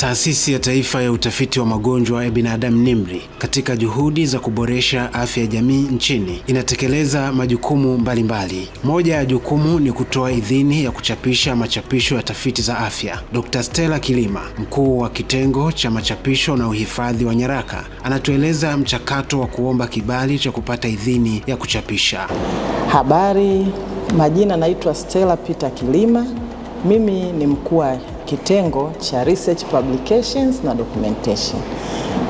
Taasisi ya Taifa ya Utafiti wa Magonjwa ya Binadamu NIMRI, katika juhudi za kuboresha afya ya jamii nchini, inatekeleza majukumu mbalimbali mbali. Moja ya jukumu ni kutoa idhini ya kuchapisha machapisho ya tafiti za afya. Dr. Stella Kilima, mkuu wa kitengo cha machapisho na uhifadhi wa nyaraka, anatueleza mchakato wa kuomba kibali cha kupata idhini ya kuchapisha habari. Majina naitwa Stella Peter Kilima, mimi ni mkuu wa kitengo cha research publications na documentation,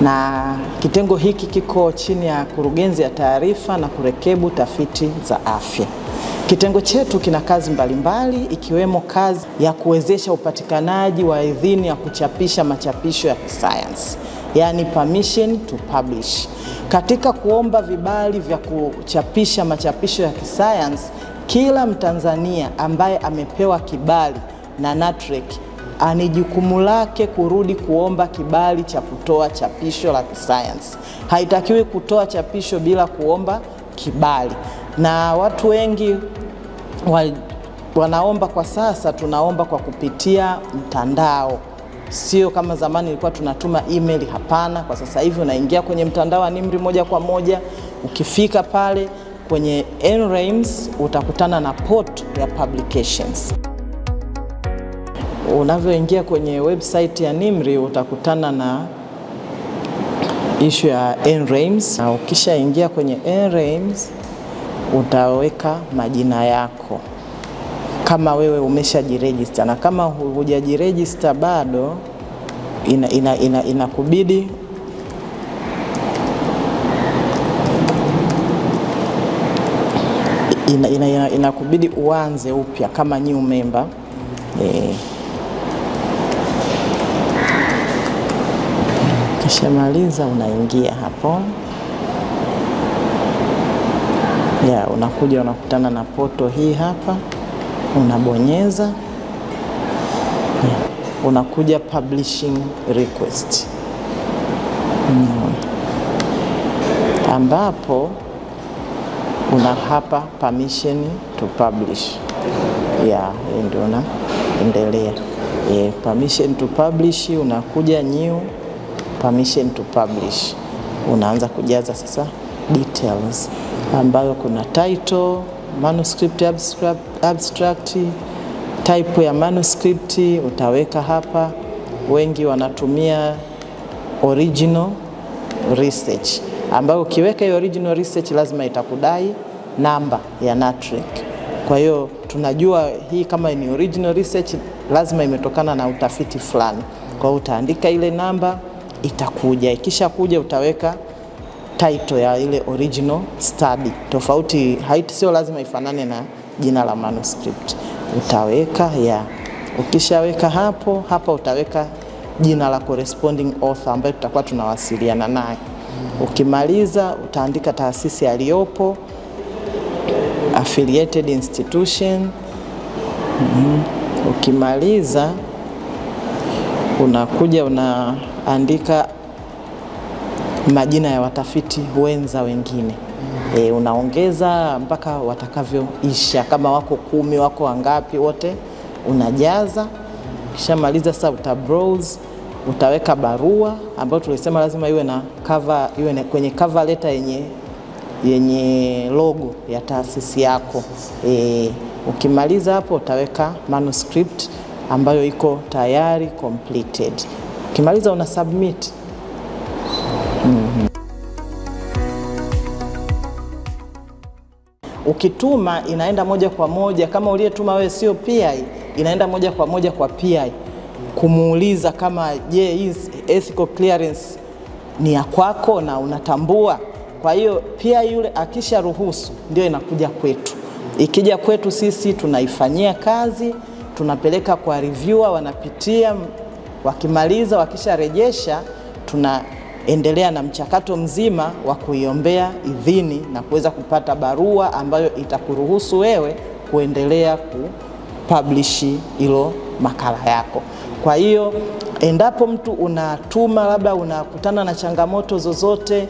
na kitengo hiki kiko chini ya kurugenzi ya taarifa na kurekebu tafiti za afya. Kitengo chetu kina kazi mbalimbali mbali, ikiwemo kazi ya kuwezesha upatikanaji wa idhini ya kuchapisha machapisho ya kisayansi yaani permission to publish. Katika kuomba vibali vya kuchapisha machapisho ya kisayansi, kila Mtanzania ambaye amepewa kibali na NATREC ni jukumu lake kurudi kuomba kibali cha kutoa chapisho la kisayansi. Haitakiwi kutoa chapisho bila kuomba kibali, na watu wengi wa, wanaomba kwa sasa, tunaomba kwa kupitia mtandao Sio kama zamani ilikuwa tunatuma email. Hapana, kwa sasa hivi unaingia kwenye mtandao wa NIMR moja kwa moja. Ukifika pale kwenye NRAIMS utakutana na port ya publications unavyoingia kwenye website ya NIMRI utakutana na ishu ya NREMS, na ukishaingia kwenye NREMS utaweka majina yako kama wewe umeshajirejista, na kama hujajirejista bado inakubidi ina, ina, ina inakubidi ina, ina, uanze upya kama new member e. Ukishamaliza unaingia hapo ya, unakuja unakutana na poto hii hapa, unabonyeza ya, unakuja publishing request mm, ambapo una hapa permission to publish ya ndio unaendelea. Yeah, permission to publish unakuja new permission to publish. Unaanza kujaza sasa details ambayo kuna title, manuscript abstract, abstract type ya manuscript utaweka hapa. Wengi wanatumia original research ambayo ukiweka hiyo original research lazima itakudai namba ya NATREC. Kwa hiyo tunajua hii kama ni original research lazima imetokana na utafiti fulani, kwa hiyo utaandika ile namba itakuja. Ikishakuja utaweka title ya ile original study tofauti, haiti sio lazima ifanane na jina la manuscript utaweka ya. Ukishaweka hapo hapa utaweka jina la corresponding author ambayo tutakuwa tunawasiliana naye. Ukimaliza utaandika taasisi aliyopo, affiliated institution. Mhm. Ukimaliza unakuja unaandika majina ya watafiti wenza wengine e, unaongeza mpaka watakavyoisha. Kama wako kumi, wako wangapi, wote unajaza. Ukishamaliza sasa, uta browse, utaweka barua ambayo tulisema lazima iwe na cover, iwe na kwenye cover letter yenye yenye logo ya taasisi yako. E, ukimaliza hapo utaweka manuscript ambayo iko tayari completed. Ukimaliza una submit. mm -hmm. Ukituma inaenda moja kwa moja, kama uliyetuma wewe sio PI, inaenda moja kwa moja kwa PI kumuuliza kama je, is ethical clearance ni ya kwako na unatambua. Kwa hiyo PI yule akisha ruhusu ndio inakuja kwetu. Ikija kwetu sisi tunaifanyia kazi tunapeleka kwa reviewer, wanapitia, wakimaliza, wakisharejesha tunaendelea na mchakato mzima wa kuiombea idhini na kuweza kupata barua ambayo itakuruhusu wewe kuendelea kupablishi hilo makala yako. Kwa hiyo endapo mtu unatuma labda unakutana na changamoto zozote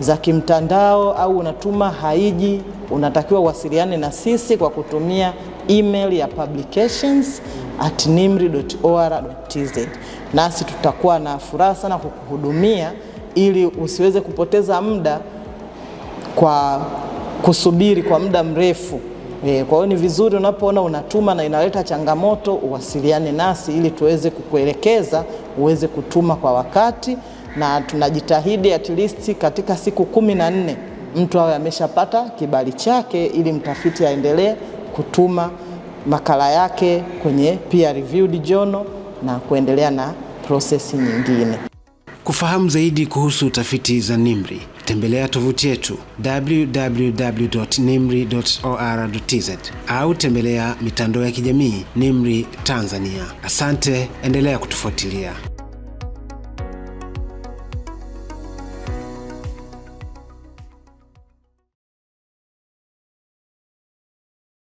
za kimtandao au unatuma haiji, unatakiwa uwasiliane na sisi kwa kutumia email ya publications at nimri.or.tz, nasi tutakuwa na furaha sana kukuhudumia ili usiweze kupoteza muda kwa kusubiri kwa muda mrefu. E, kwa hiyo ni vizuri unapoona unatuma na inaleta changamoto uwasiliane nasi ili tuweze kukuelekeza uweze kutuma kwa wakati, na tunajitahidi at least katika siku kumi na nne mtu awe ameshapata kibali chake ili mtafiti aendelee kutuma makala yake kwenye peer reviewed journal na kuendelea na prosesi nyingine. Kufahamu zaidi kuhusu tafiti za nimri tembelea tovuti yetu www.nimri.or.tz au tembelea mitandao ya kijamii nimri Tanzania. Asante, endelea kutufuatilia.